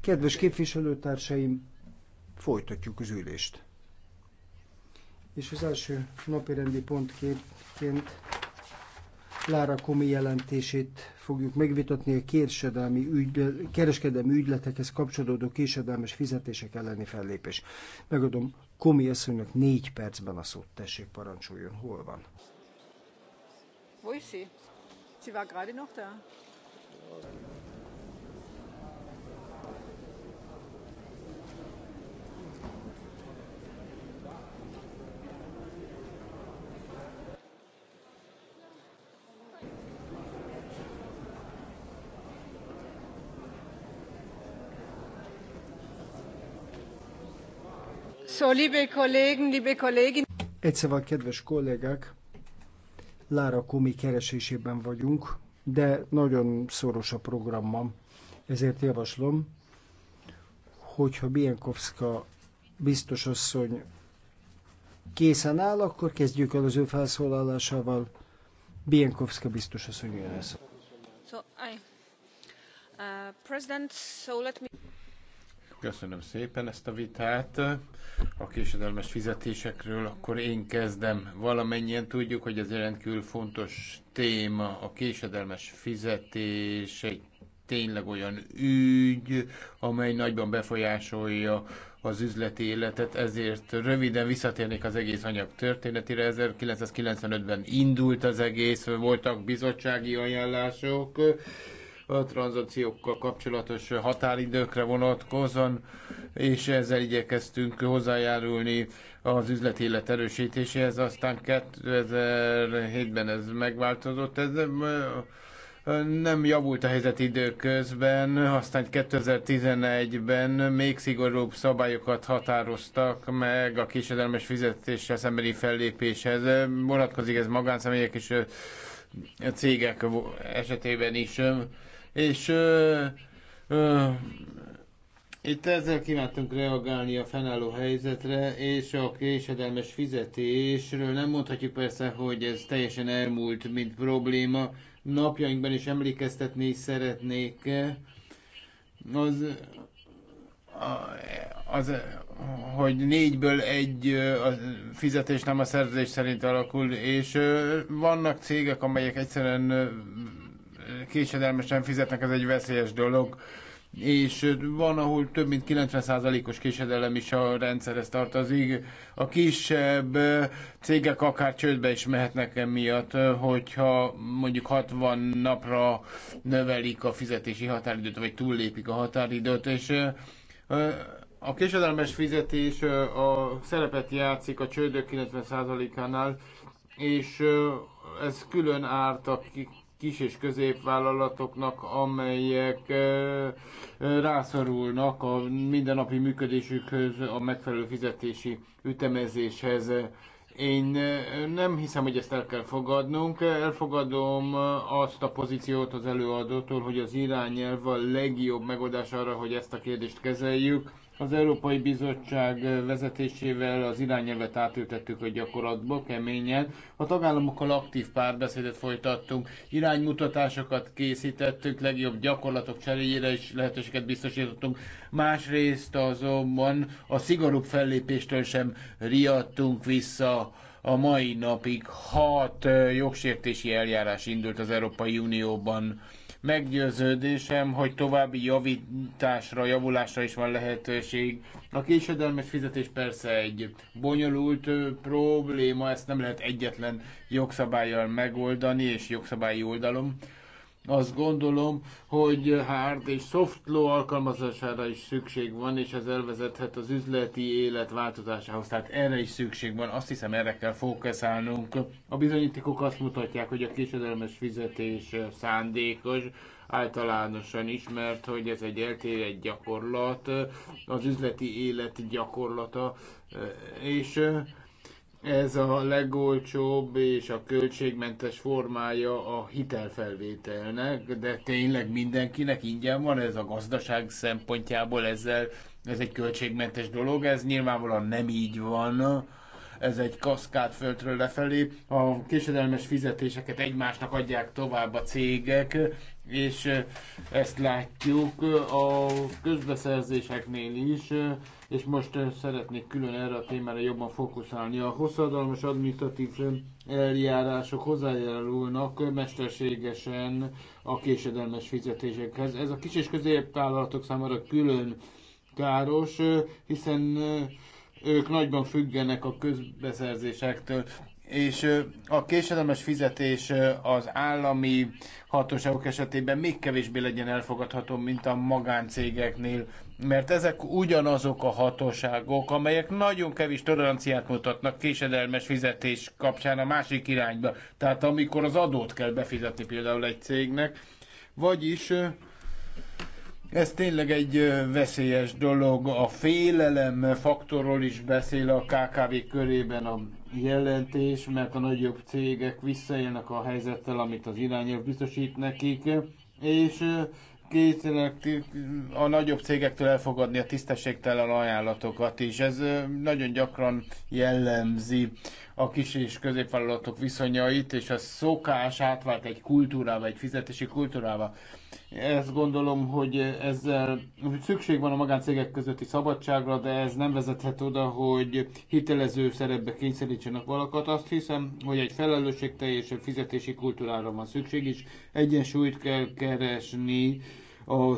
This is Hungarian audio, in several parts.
Kedves képviselőtársaim, folytatjuk az ülést. És az első napirendi pontként Lára Komi jelentését fogjuk megvitatni a késedelmi ügy, kereskedelmi ügyletekhez kapcsolódó késedelmes fizetések elleni fellépés. Megadom Komi asszonynak négy percben a szót. Tessék, parancsoljon, hol van? Wo ist sie? Sie war gerade noch da. Egyszerűen, szóval, kedves kollégák, Lára Komi keresésében vagyunk de nagyon szoros a programban. Ezért javaslom, hogyha Bienkowska biztos asszony készen áll, akkor kezdjük el az ő felszólalásával. Bienkowska biztos asszony jön lesz. So, I, uh, president, so let me... Köszönöm szépen ezt a vitát. A késedelmes fizetésekről akkor én kezdem. Valamennyien tudjuk, hogy ez rendkívül fontos téma. A késedelmes fizetés egy tényleg olyan ügy, amely nagyban befolyásolja az üzleti életet, ezért röviden visszatérnék az egész anyag történetére. 1995-ben indult az egész, voltak bizottsági ajánlások, tranzakciókkal kapcsolatos határidőkre vonatkozóan, és ezzel igyekeztünk hozzájárulni az üzleti élet erősítéséhez. Aztán 2007-ben ez megváltozott. Ez nem javult a helyzet időközben, aztán 2011-ben még szigorúbb szabályokat határoztak meg a késedelmes fizetéssel szembeni fellépéshez. Vonatkozik ez magánszemélyek és cégek esetében is és ö, ö, itt ezzel kívántunk reagálni a fennálló helyzetre, és a késedelmes fizetésről nem mondhatjuk persze, hogy ez teljesen elmúlt, mint probléma. Napjainkban is emlékeztetni szeretnék eh, az, az hogy négyből egy a fizetés nem a szerződés szerint alakul, és vannak cégek, amelyek egyszerűen késedelmesen fizetnek, ez egy veszélyes dolog és van, ahol több mint 90%-os késedelem is a rendszerhez tartozik. A kisebb cégek akár csődbe is mehetnek emiatt, hogyha mondjuk 60 napra növelik a fizetési határidőt, vagy túllépik a határidőt, és a késedelmes fizetés a szerepet játszik a csődök 90%-ánál, és ez külön árt a kis és középvállalatoknak, amelyek rászorulnak a mindennapi működésükhöz, a megfelelő fizetési ütemezéshez. Én nem hiszem, hogy ezt el kell fogadnunk. Elfogadom azt a pozíciót az előadótól, hogy az irányelv a legjobb megoldás arra, hogy ezt a kérdést kezeljük. Az Európai Bizottság vezetésével az irányelvet átültettük a gyakorlatba keményen. A tagállamokkal aktív párbeszédet folytattunk, iránymutatásokat készítettünk, legjobb gyakorlatok cseréjére is lehetőséget biztosítottunk. Másrészt azonban a szigorúbb fellépéstől sem riadtunk vissza a mai napig hat jogsértési eljárás indult az Európai Unióban Meggyőződésem, hogy további javításra, javulásra is van lehetőség. A késedelmes fizetés persze egy bonyolult probléma, ezt nem lehet egyetlen jogszabályjal megoldani, és jogszabályi oldalom azt gondolom, hogy hard és soft law alkalmazására is szükség van, és ez elvezethet az üzleti élet változásához. Tehát erre is szükség van, azt hiszem erre kell fókuszálnunk. A bizonyítékok azt mutatják, hogy a késedelmes fizetés szándékos, általánosan ismert, hogy ez egy eltérett gyakorlat, az üzleti élet gyakorlata, és ez a legolcsóbb és a költségmentes formája a hitelfelvételnek, de tényleg mindenkinek ingyen van ez a gazdaság szempontjából, ezzel ez egy költségmentes dolog, ez nyilvánvalóan nem így van ez egy kaszkád földről lefelé. A késedelmes fizetéseket egymásnak adják tovább a cégek, és ezt látjuk a közbeszerzéseknél is, és most szeretnék külön erre a témára jobban fókuszálni. A hosszadalmas administratív eljárások hozzájárulnak mesterségesen a késedelmes fizetésekhez. Ez a kis és középvállalatok számára külön káros, hiszen ők nagyban függenek a közbeszerzésektől és a késedelmes fizetés az állami hatóságok esetében még kevésbé legyen elfogadható, mint a magáncégeknél, mert ezek ugyanazok a hatóságok, amelyek nagyon kevés toleranciát mutatnak késedelmes fizetés kapcsán a másik irányba, tehát amikor az adót kell befizetni például egy cégnek, vagyis ez tényleg egy veszélyes dolog. A félelem faktorról is beszél a KKV körében a jelentés, mert a nagyobb cégek visszaélnek a helyzettel, amit az irányelv biztosít nekik, és kénytelenek a nagyobb cégektől elfogadni a tisztességtelen ajánlatokat is. Ez nagyon gyakran jellemzi a kis és középvállalatok viszonyait, és a szokás átvált egy kultúrába, egy fizetési kultúrába. Ezt gondolom, hogy ezzel szükség van a magáncégek közötti szabadságra, de ez nem vezethet oda, hogy hitelező szerepbe kényszerítsenek valakat. Azt hiszem, hogy egy felelősségteljes fizetési kultúrára van szükség, és egyensúlyt kell keresni a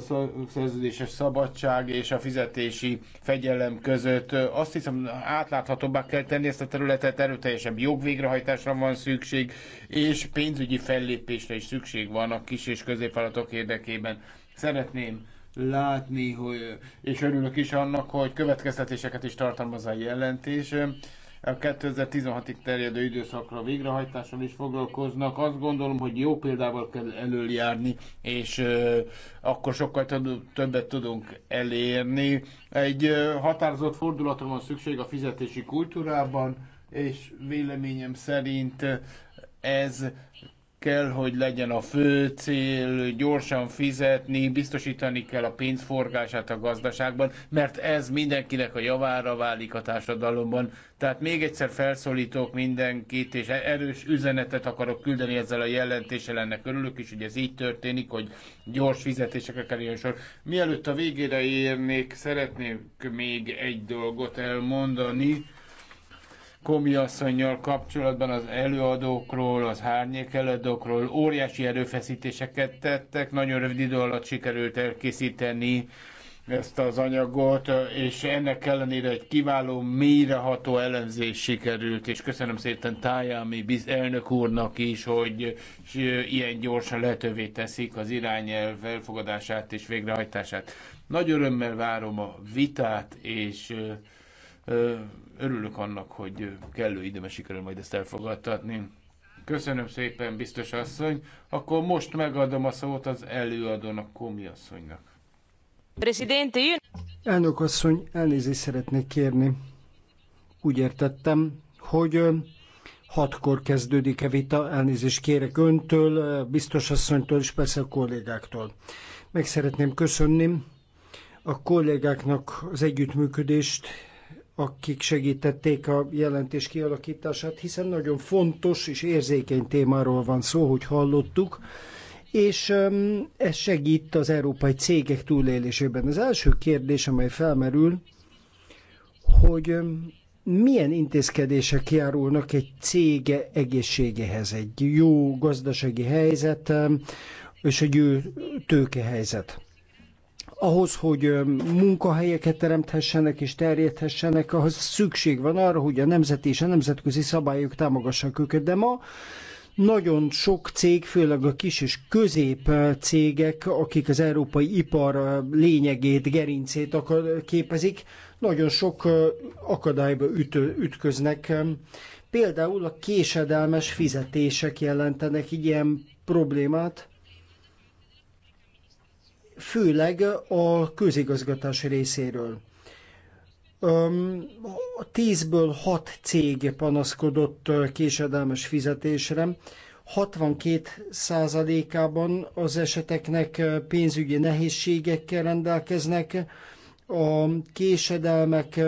szerződéses szabadság és a fizetési fegyelem között. Azt hiszem, átláthatóbbá kell tenni ezt a területet, erőteljesebb jogvégrehajtásra van szükség, és pénzügyi fellépésre is szükség van a kis és középvállalatok érdekében. Szeretném látni, hogy, és örülök is annak, hogy következtetéseket is tartalmaz a jelentés a 2016-ig terjedő időszakra végrehajtással is foglalkoznak. Azt gondolom, hogy jó példával kell előjárni, és akkor sokkal többet tudunk elérni. Egy határozott fordulatra van szükség a fizetési kultúrában, és véleményem szerint ez kell, hogy legyen a fő cél, gyorsan fizetni, biztosítani kell a pénzforgását a gazdaságban, mert ez mindenkinek a javára válik a társadalomban. Tehát még egyszer felszólítok mindenkit, és erős üzenetet akarok küldeni ezzel a jelentéssel, ennek örülök is, hogy ez így történik, hogy gyors fizetésekre kerüljön sor. Mielőtt a végére érnék, szeretnék még egy dolgot elmondani Komi asszonynal kapcsolatban az előadókról, az előadókról óriási erőfeszítéseket tettek, nagyon rövid idő alatt sikerült elkészíteni ezt az anyagot, és ennek ellenére egy kiváló, mélyreható elemzés sikerült, és köszönöm szépen Tájámi elnök úrnak is, hogy ilyen gyorsan lehetővé teszik az irányelv elfogadását és végrehajtását. Nagy örömmel várom a vitát, és Örülök annak, hogy kellő időben sikerül majd ezt elfogadtatni. Köszönöm szépen, biztos asszony. Akkor most megadom a szót az előadónak, Komi asszonynak. Presidente, jön. Elnök asszony, elnézést szeretnék kérni. Úgy értettem, hogy hatkor kezdődik a vita, elnézést kérek öntől, biztos asszonytól és persze a kollégáktól. Meg szeretném köszönni a kollégáknak az együttműködést, akik segítették a jelentés kialakítását, hiszen nagyon fontos és érzékeny témáról van szó, hogy hallottuk, és ez segít az európai cégek túlélésében. Az első kérdés, amely felmerül, hogy milyen intézkedések járulnak egy cége egészségéhez, egy jó gazdasági helyzet és egy jó tőkehelyzet ahhoz, hogy munkahelyeket teremthessenek és terjedhessenek, ahhoz szükség van arra, hogy a nemzeti és a nemzetközi szabályok támogassák őket. De ma nagyon sok cég, főleg a kis és közép cégek, akik az európai ipar lényegét, gerincét képezik, nagyon sok akadályba ütő, ütköznek. Például a késedelmes fizetések jelentenek így ilyen problémát főleg a közigazgatás részéről. A tízből hat cég panaszkodott késedelmes fizetésre, 62 százalékában az eseteknek pénzügyi nehézségekkel rendelkeznek, a késedelmek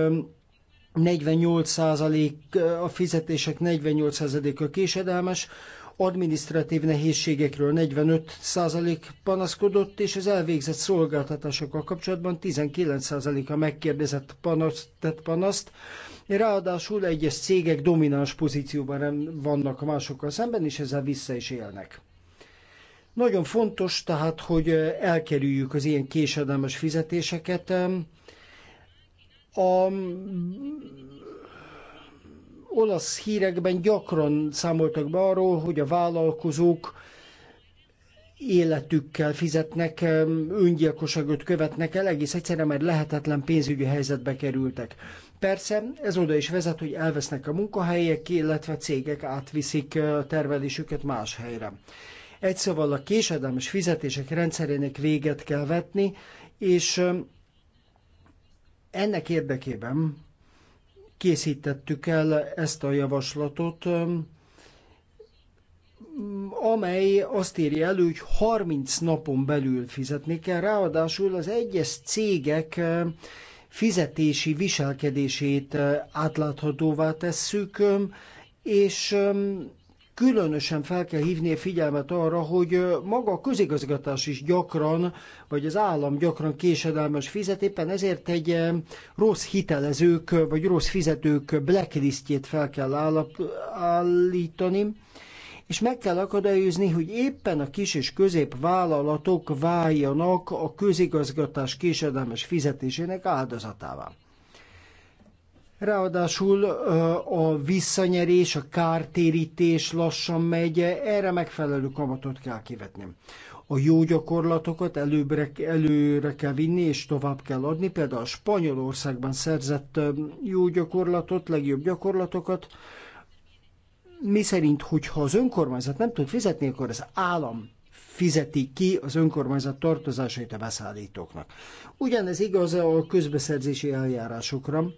48% a fizetések 48%-a késedelmes, Administratív nehézségekről 45% panaszkodott, és az elvégzett szolgáltatásokkal kapcsolatban 19%-a megkérdezett panaszt, tett panaszt. Ráadásul egyes cégek domináns pozícióban vannak másokkal szemben, és ezzel vissza is élnek. Nagyon fontos tehát, hogy elkerüljük az ilyen késedelmes fizetéseket. A olasz hírekben gyakran számoltak be arról, hogy a vállalkozók életükkel fizetnek, öngyilkosságot követnek el, egész egyszerűen, mert lehetetlen pénzügyi helyzetbe kerültek. Persze ez oda is vezet, hogy elvesznek a munkahelyek, illetve cégek átviszik tervelésüket más helyre. Egy szóval a késedelmes fizetések rendszerének véget kell vetni, és ennek érdekében készítettük el ezt a javaslatot, amely azt írja elő, hogy 30 napon belül fizetni kell, ráadásul az egyes cégek fizetési viselkedését átláthatóvá tesszük, és különösen fel kell hívni a figyelmet arra, hogy maga a közigazgatás is gyakran, vagy az állam gyakran késedelmes fizet, éppen ezért egy rossz hitelezők, vagy rossz fizetők blacklistjét fel kell állítani, és meg kell akadályozni, hogy éppen a kis és vállalatok váljanak a közigazgatás késedelmes fizetésének áldozatává. Ráadásul a visszanyerés, a kártérítés lassan megy, erre megfelelő kamatot kell kivetni. A jó gyakorlatokat előbbre, előre kell vinni és tovább kell adni, például a Spanyolországban szerzett jó gyakorlatot, legjobb gyakorlatokat, mi szerint, hogyha az önkormányzat nem tud fizetni, akkor az állam fizeti ki az önkormányzat tartozásait a beszállítóknak. Ugyanez igaz a közbeszerzési eljárásokra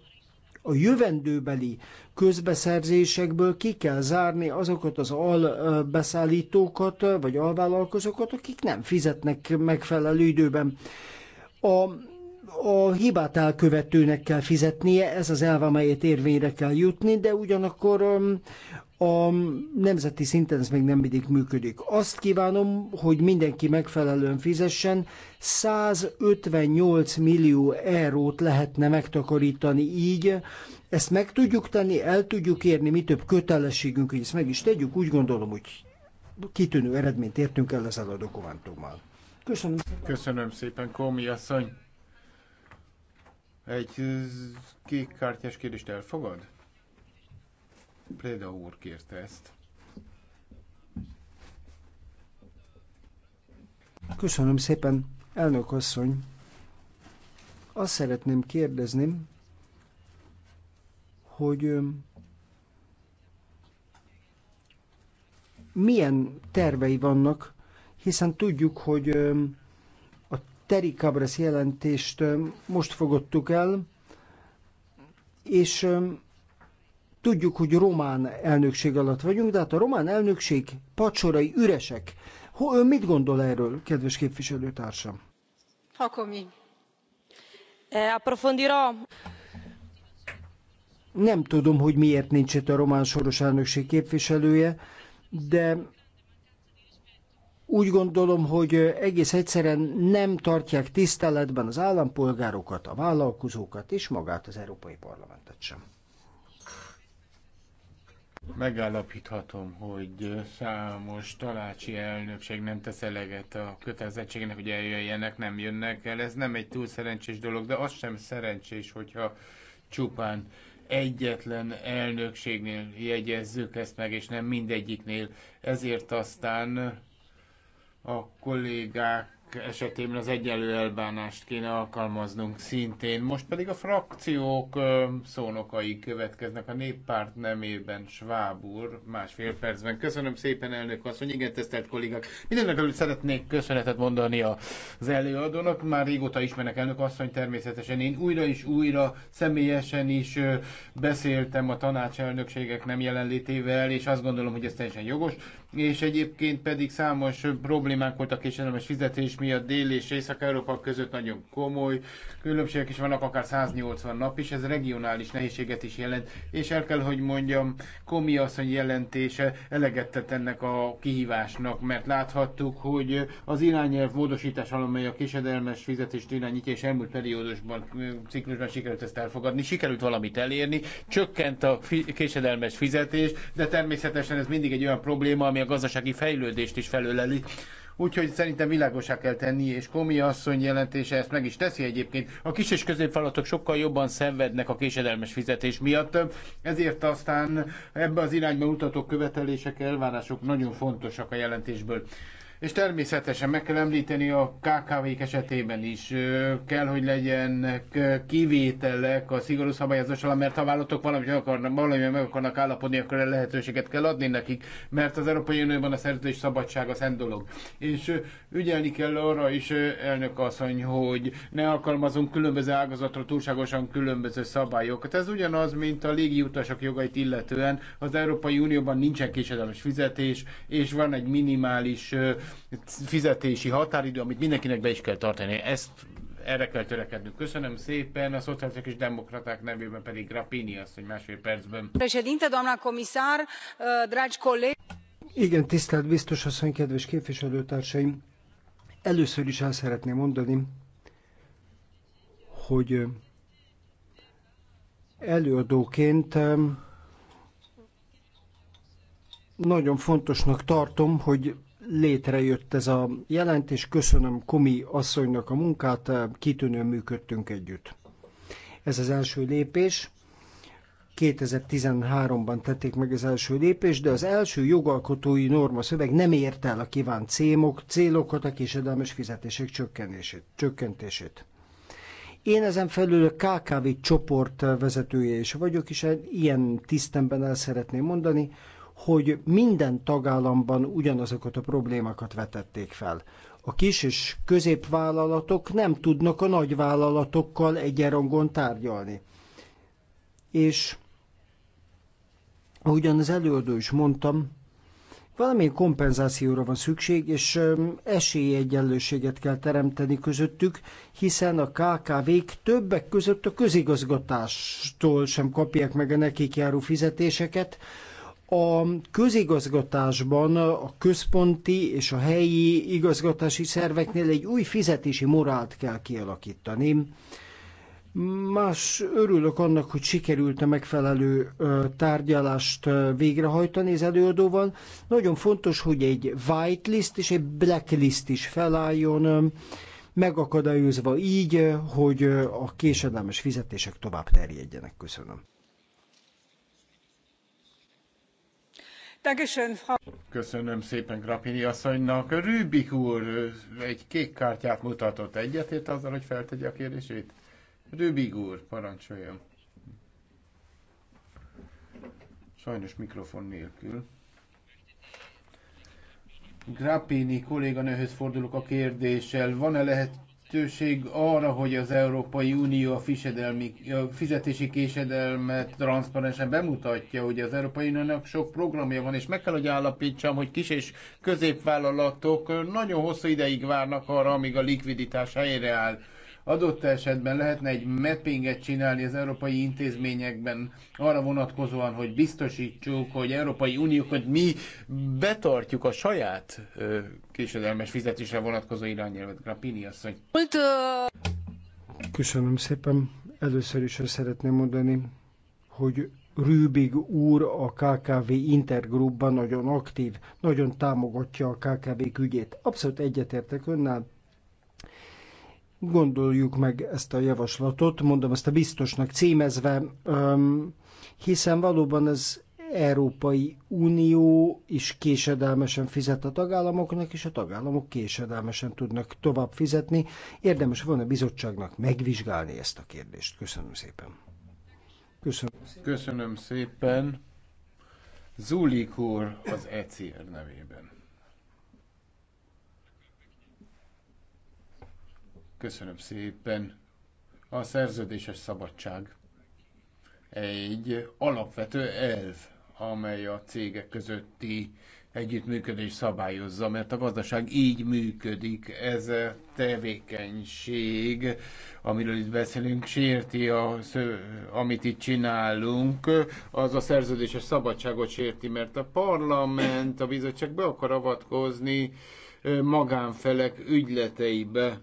a jövendőbeli közbeszerzésekből ki kell zárni azokat az albeszállítókat, vagy alvállalkozókat, akik nem fizetnek megfelelő időben. A a hibát elkövetőnek kell fizetnie, ez az elv, amelyet érvényre kell jutni, de ugyanakkor um, a nemzeti szinten ez még nem mindig működik. Azt kívánom, hogy mindenki megfelelően fizessen. 158 millió eurót lehetne megtakarítani így. Ezt meg tudjuk tenni, el tudjuk érni, mi több kötelességünk, hogy ezt meg is tegyük. Úgy gondolom, hogy kitűnő eredményt értünk el ezzel a dokumentummal. Köszönöm szépen. Köszönöm szépen, Komi asszony. Egy kártyás kérdést elfogad? Préda úr kérte ezt. Köszönöm szépen, elnök asszony. Azt szeretném kérdezni, hogy milyen tervei vannak, hiszen tudjuk, hogy a Terry Cabres jelentést most fogottuk el, és Tudjuk, hogy román elnökség alatt vagyunk, de hát a román elnökség pacsorai üresek. Ho, ön mit gondol erről, kedves képviselőtársam? Hakomi. E, Approfondirò. Nem tudom, hogy miért nincs itt a román soros elnökség képviselője, de úgy gondolom, hogy egész egyszerűen nem tartják tiszteletben az állampolgárokat, a vállalkozókat és magát az Európai Parlamentet sem. Megállapíthatom, hogy számos talácsi elnökség nem tesz eleget a kötelezettségnek, hogy eljöjjenek, nem jönnek el. Ez nem egy túl szerencsés dolog, de az sem szerencsés, hogyha csupán egyetlen elnökségnél jegyezzük ezt meg, és nem mindegyiknél. Ezért aztán a kollégák esetében az egyenlő elbánást kéne alkalmaznunk szintén. Most pedig a frakciók szónokai következnek a néppárt nemében Schwab úr, másfél percben. Köszönöm szépen, elnök asszony, igen, tesztelt kollégák. Mindenek előtt szeretnék köszönetet mondani az előadónak. Már régóta ismernek elnök asszony, természetesen én újra és újra személyesen is beszéltem a tanácselnökségek nem jelenlétével, és azt gondolom, hogy ez teljesen jogos. És egyébként pedig számos problémák voltak és a fizetés miatt Dél és Észak-Európa között nagyon komoly különbségek is vannak, akár 180 nap is, ez regionális nehézséget is jelent, és el kell, hogy mondjam, Komi asszony jelentése eleget tett ennek a kihívásnak, mert láthattuk, hogy az irányelv módosítás, amely a késedelmes fizetést irányítja, és elmúlt periódusban, ciklusban sikerült ezt elfogadni, sikerült valamit elérni, csökkent a késedelmes fizetés, de természetesen ez mindig egy olyan probléma, ami a gazdasági fejlődést is felöleli, Úgyhogy szerintem világosá kell tenni, és Komi asszony jelentése ezt meg is teszi egyébként. A kis és középfalatok sokkal jobban szenvednek a késedelmes fizetés miatt, ezért aztán ebbe az irányba mutató követelések, elvárások nagyon fontosak a jelentésből. És természetesen meg kell említeni a KKV-k esetében is, kell, hogy legyenek kivételek a szigorú szabályozás alá, mert ha vállalatok valamit akarnak, valamilyen meg akarnak állapodni, akkor lehetőséget kell adni nekik, mert az Európai Unióban a szerződés szabadság az dolog. És ügyelni kell arra is, elnök asszony, hogy ne alkalmazunk különböző ágazatra túlságosan különböző szabályokat. Ez ugyanaz, mint a légiutasok jogait illetően. Az Európai Unióban nincsen késedelmes fizetés, és van egy minimális fizetési határidő, amit mindenkinek be is kell tartani. Ezt erre kell törekednünk. Köszönöm szépen, a szociálisok és demokraták nevében pedig Rapini azt, hogy másfél percben. Președinte, doamna comisar, dragi kollég... Igen, tisztelt biztos asszony, kedves képviselőtársaim! Először is el szeretném mondani, hogy előadóként nagyon fontosnak tartom, hogy létrejött ez a jelentés. Köszönöm Komi asszonynak a munkát, kitűnően működtünk együtt. Ez az első lépés. 2013-ban tették meg az első lépést, de az első jogalkotói norma szöveg nem ért el a kívánt célok, célokat, a késedelmes fizetések csökkentését csökkentését. Én ezen felül a KKV csoport vezetője is vagyok, és ilyen tisztemben el szeretném mondani, hogy minden tagállamban ugyanazokat a problémákat vetették fel. A kis és középvállalatok nem tudnak a nagyvállalatokkal egyenrangon tárgyalni. És ahogyan az előadó is mondtam, valamilyen kompenzációra van szükség, és esélyegyenlőséget kell teremteni közöttük, hiszen a KKV-k többek között a közigazgatástól sem kapják meg a nekik járó fizetéseket, a közigazgatásban a központi és a helyi igazgatási szerveknél egy új fizetési morált kell kialakítani. Más örülök annak, hogy sikerült a megfelelő tárgyalást végrehajtani az előadóval. Nagyon fontos, hogy egy whitelist és egy blacklist is felálljon, megakadályozva így, hogy a késedelmes fizetések tovább terjedjenek. Köszönöm. Köszönöm szépen Grapini asszonynak. Rübik úr egy kék kártyát mutatott. Egyetért azzal, hogy feltegye a kérdését? Rübik úr, parancsoljon. Sajnos mikrofon nélkül. Grappini kolléganőhöz fordulok a kérdéssel. Van-e lehet lehetőség arra, hogy az Európai Unió a, fisedelmi, a fizetési késedelmet transzparensen bemutatja, hogy az Európai Uniónak sok programja van, és meg kell, hogy állapítsam, hogy kis és középvállalatok nagyon hosszú ideig várnak arra, amíg a likviditás helyreáll. Adott esetben lehetne egy mappinget csinálni az európai intézményekben arra vonatkozóan, hogy biztosítsuk, hogy Európai Unió, hogy mi betartjuk a saját késedelmes fizetésre vonatkozó irányelvet. Grappini asszony. Köszönöm szépen. Először is azt szeretném mondani, hogy Rübig úr a KKV Intergroupban nagyon aktív, nagyon támogatja a KKV ügyét. Abszolút egyetértek önnel, Gondoljuk meg ezt a javaslatot, mondom ezt a biztosnak címezve, hiszen valóban ez Európai Unió is késedelmesen fizet a tagállamoknak, és a tagállamok késedelmesen tudnak tovább fizetni. Érdemes volna a bizottságnak megvizsgálni ezt a kérdést. Köszönöm szépen. Köszönöm szépen. Köszönöm szépen. Zulik úr az ECR nevében. Köszönöm szépen. A szerződéses szabadság egy alapvető elv, amely a cégek közötti együttműködés szabályozza, mert a gazdaság így működik. Ez a tevékenység, amiről itt beszélünk, sérti, a, amit itt csinálunk, az a szerződéses szabadságot sérti, mert a parlament, a bizottság be akar avatkozni magánfelek ügyleteibe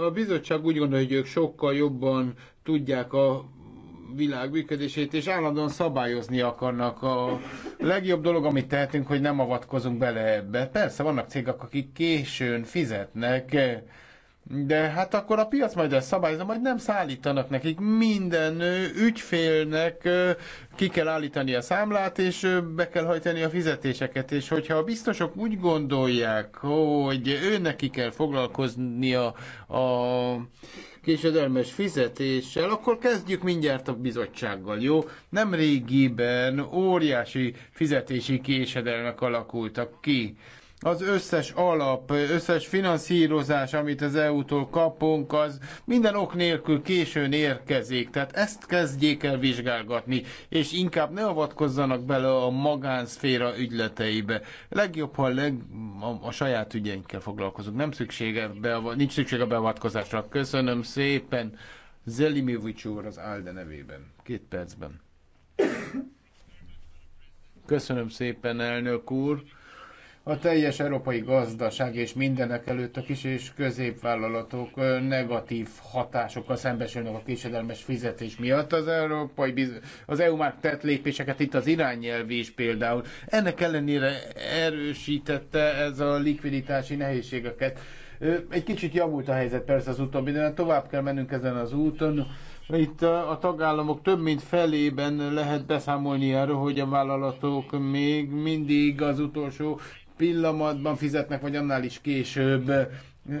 a bizottság úgy gondolja, hogy ők sokkal jobban tudják a világ működését, és állandóan szabályozni akarnak. A legjobb dolog, amit tehetünk, hogy nem avatkozunk bele ebbe. Persze vannak cégek, akik későn fizetnek, de hát akkor a piac majd ezt szabályozza, majd nem szállítanak nekik. Minden ügyfélnek ki kell állítani a számlát, és be kell hajtani a fizetéseket. És hogyha a biztosok úgy gondolják, hogy őnek neki kell foglalkoznia a késedelmes fizetéssel, akkor kezdjük mindjárt a bizottsággal, jó? Nem régiben óriási fizetési késedelmek alakultak ki az összes alap, összes finanszírozás, amit az EU-tól kapunk, az minden ok nélkül későn érkezik. Tehát ezt kezdjék el vizsgálgatni, és inkább ne avatkozzanak bele a magánszféra ügyleteibe. Legjobb, ha leg, a, a saját ügyeinkkel foglalkozunk. Nem szüksége be, nincs szüksége beavatkozásra. Köszönöm szépen. Zelimovics úr az Alde nevében. Két percben. Köszönöm szépen, elnök úr. A teljes európai gazdaság és mindenek előtt a kis és középvállalatok negatív hatásokkal szembesülnek a késedelmes fizetés miatt. Az európai biz- az EU már tett lépéseket, itt az irányelv is például. Ennek ellenére erősítette ez a likviditási nehézségeket. Egy kicsit javult a helyzet persze az utóbbi, de tovább kell mennünk ezen az úton. Itt a tagállamok több mint felében lehet beszámolni arról, hogy a vállalatok még mindig az utolsó pillanatban fizetnek, vagy annál is később.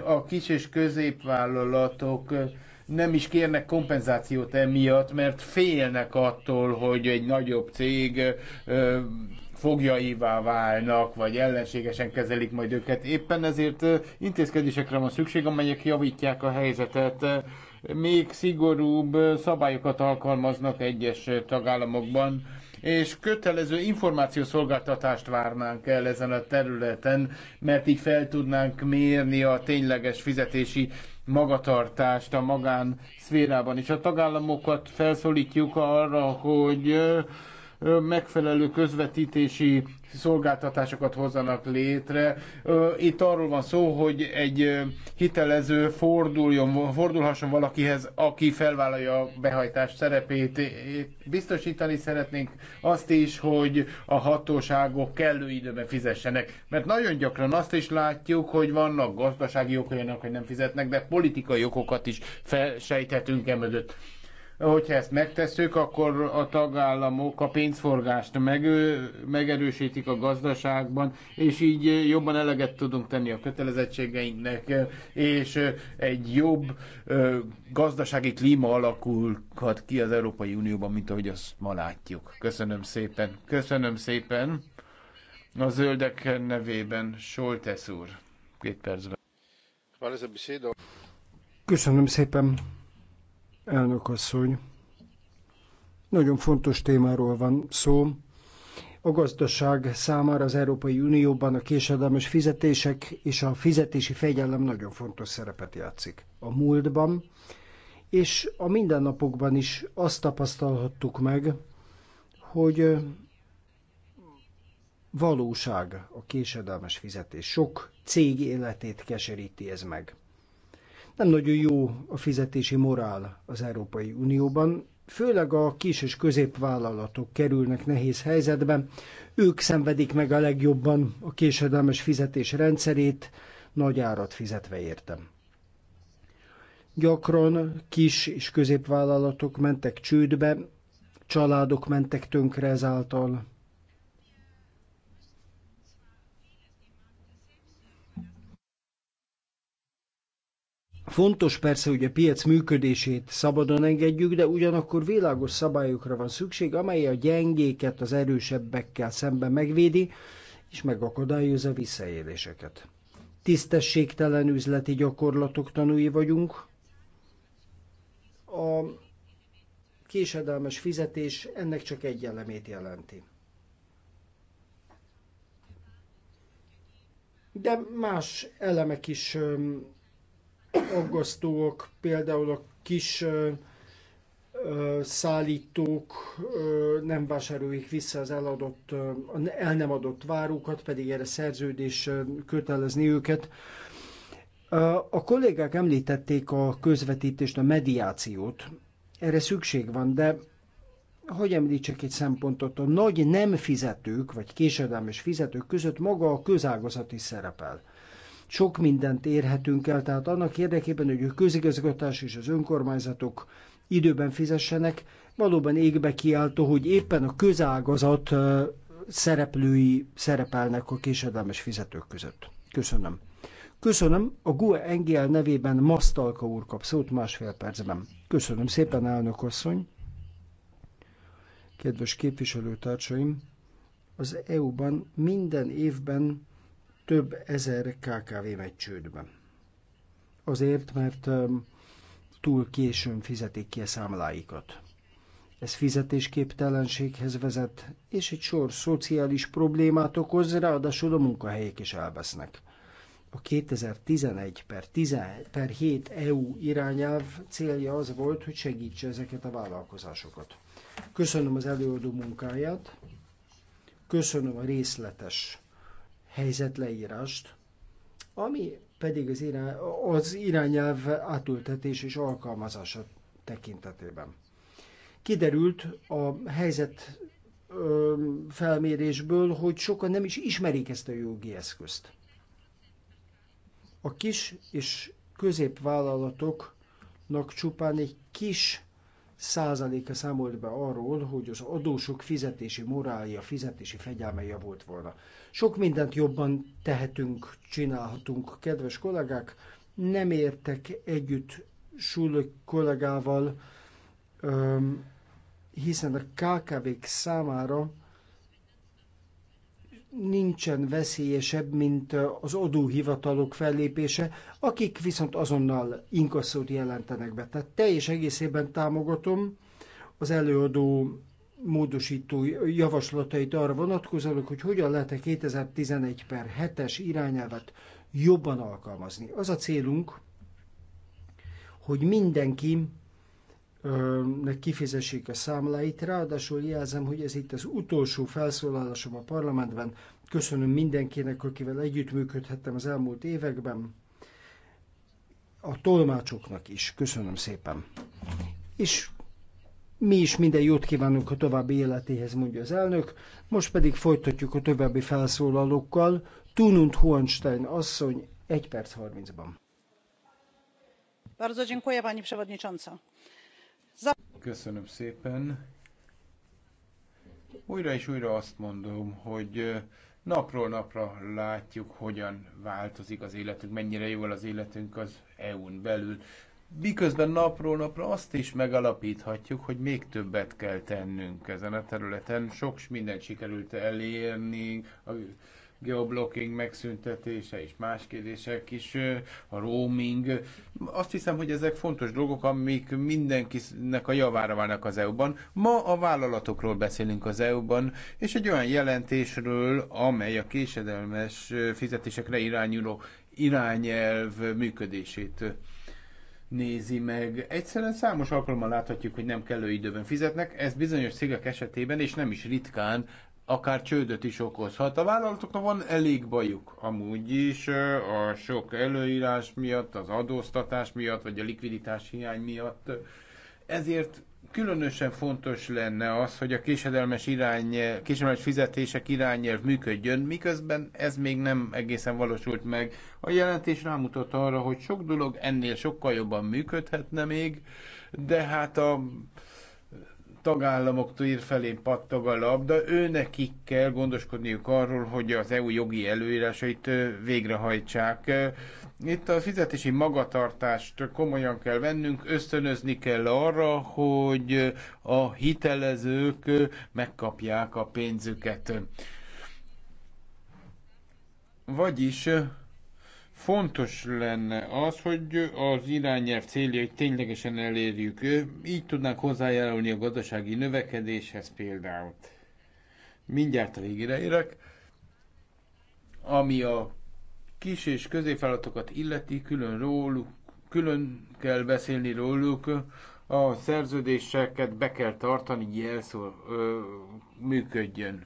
A kis és középvállalatok nem is kérnek kompenzációt emiatt, mert félnek attól, hogy egy nagyobb cég fogjaivá válnak, vagy ellenségesen kezelik majd őket. Éppen ezért intézkedésekre van szükség, amelyek javítják a helyzetet még szigorúbb szabályokat alkalmaznak egyes tagállamokban, és kötelező információszolgáltatást várnánk el ezen a területen, mert így fel tudnánk mérni a tényleges fizetési magatartást a magán szférában. És a tagállamokat felszólítjuk arra, hogy megfelelő közvetítési szolgáltatásokat hozzanak létre. Itt arról van szó, hogy egy hitelező forduljon, fordulhasson valakihez, aki felvállalja a behajtás szerepét. Biztosítani szeretnénk azt is, hogy a hatóságok kellő időben fizessenek. Mert nagyon gyakran azt is látjuk, hogy vannak gazdasági okok, hogy nem fizetnek, de politikai okokat is felsejthetünk emögött. Hogyha ezt megtesszük, akkor a tagállamok a pénzforgást meg, megerősítik a gazdaságban, és így jobban eleget tudunk tenni a kötelezettségeinknek, és egy jobb gazdasági klíma alakulhat ki az Európai Unióban, mint ahogy azt ma látjuk. Köszönöm szépen. Köszönöm szépen. A zöldek nevében Soltesz úr. Két percben. Köszönöm szépen elnök asszony. Nagyon fontos témáról van szó. A gazdaság számára az Európai Unióban a késedelmes fizetések és a fizetési fegyelem nagyon fontos szerepet játszik. A múltban és a mindennapokban is azt tapasztalhattuk meg, hogy valóság a késedelmes fizetés. Sok cég életét keseríti ez meg. Nem nagyon jó a fizetési morál az Európai Unióban, főleg a kis és középvállalatok kerülnek nehéz helyzetbe. Ők szenvedik meg a legjobban a késedelmes fizetés rendszerét, nagy árat fizetve értem. Gyakran kis és középvállalatok mentek csődbe, családok mentek tönkre ezáltal. Fontos persze, hogy a piac működését szabadon engedjük, de ugyanakkor világos szabályokra van szükség, amely a gyengéket az erősebbekkel szemben megvédi, és megakadályozza visszaéléseket. Tisztességtelen üzleti gyakorlatok tanúi vagyunk. A késedelmes fizetés ennek csak egy elemét jelenti. De más elemek is aggasztóak, például a kis szállítók nem vásárolják vissza az eladott, el nem adott várókat, pedig erre szerződés kötelezni őket. A kollégák említették a közvetítést, a mediációt. Erre szükség van, de hogy említsek egy szempontot, a nagy nem fizetők, vagy késedelmes fizetők között maga a közágazat is szerepel. Sok mindent érhetünk el, tehát annak érdekében, hogy a közigazgatás és az önkormányzatok időben fizessenek, valóban égbe kiáltó, hogy éppen a közágazat szereplői szerepelnek a késedelmes fizetők között. Köszönöm. Köszönöm, a GUE Engel nevében Masztalka úr kap szót másfél percben. Köszönöm szépen, elnök asszony. Kedves képviselőtársaim, az EU-ban minden évben több ezer KKV megy csődbe. Azért, mert um, túl későn fizetik ki a számláikat. Ez fizetésképtelenséghez vezet, és egy sor szociális problémát okoz, ráadásul a munkahelyek is elvesznek. A 2011 per, 10, per 7 EU irányelv célja az volt, hogy segítse ezeket a vállalkozásokat. Köszönöm az előadó munkáját, köszönöm a részletes helyzetleírást, ami pedig az, irány, az irányelv átültetés és alkalmazása tekintetében. Kiderült a helyzet felmérésből, hogy sokan nem is ismerik ezt a jogi eszközt. A kis és középvállalatoknak csupán egy kis százaléka számolt be arról, hogy az adósok fizetési morálja, fizetési fegyelme javult volna. Sok mindent jobban tehetünk, csinálhatunk, kedves kollégák. Nem értek együtt Sulök kollégával, hiszen a KKV-k számára nincsen veszélyesebb, mint az adóhivatalok fellépése, akik viszont azonnal inkasszót jelentenek be. Tehát teljes egészében támogatom az előadó módosító javaslatait arra vonatkozólag, hogy hogyan lehet a 2011 per 7-es irányelvet jobban alkalmazni. Az a célunk, hogy mindenki nek kifizessék a számláit. Ráadásul jelzem, hogy ez itt az utolsó felszólalásom a parlamentben. Köszönöm mindenkinek, akivel együttműködhettem az elmúlt években. A tolmácsoknak is. Köszönöm szépen. És mi is minden jót kívánunk a további életéhez, mondja az elnök. Most pedig folytatjuk a további felszólalókkal. Tunund Hohenstein asszony 1 perc 30-ban. Bardzo dziękuję, pani przewodnicząca Köszönöm szépen. Újra és újra azt mondom, hogy napról napra látjuk, hogyan változik az életünk, mennyire jól az életünk az EU-n belül. Miközben napról napra azt is megalapíthatjuk, hogy még többet kell tennünk ezen a területen. Sok mindent sikerült elérni, geoblocking megszüntetése és más kérdések is, a roaming. Azt hiszem, hogy ezek fontos dolgok, amik mindenkinek a javára válnak az EU-ban. Ma a vállalatokról beszélünk az EU-ban, és egy olyan jelentésről, amely a késedelmes fizetésekre irányuló irányelv működését nézi meg. Egyszerűen számos alkalommal láthatjuk, hogy nem kellő időben fizetnek, ez bizonyos cégek esetében, és nem is ritkán akár csődöt is okozhat. A vállalatoknak van elég bajuk amúgy is a sok előírás miatt, az adóztatás miatt, vagy a likviditás hiány miatt. Ezért különösen fontos lenne az, hogy a késedelmes, irány, késedelmes fizetések irányelv működjön, miközben ez még nem egészen valósult meg. A jelentés rámutat arra, hogy sok dolog ennél sokkal jobban működhetne még, de hát a tagállamok tér felé pattog a labda, nekik kell gondoskodniuk arról, hogy az EU jogi előírásait végrehajtsák. Itt a fizetési magatartást komolyan kell vennünk, ösztönözni kell arra, hogy a hitelezők megkapják a pénzüket. Vagyis fontos lenne az, hogy az irányelv céljait ténylegesen elérjük. Így tudnánk hozzájárulni a gazdasági növekedéshez például. Mindjárt a végére érek. Ami a kis és középvállalatokat illeti, külön róluk, külön kell beszélni róluk, a szerződéseket be kell tartani, jelszó működjön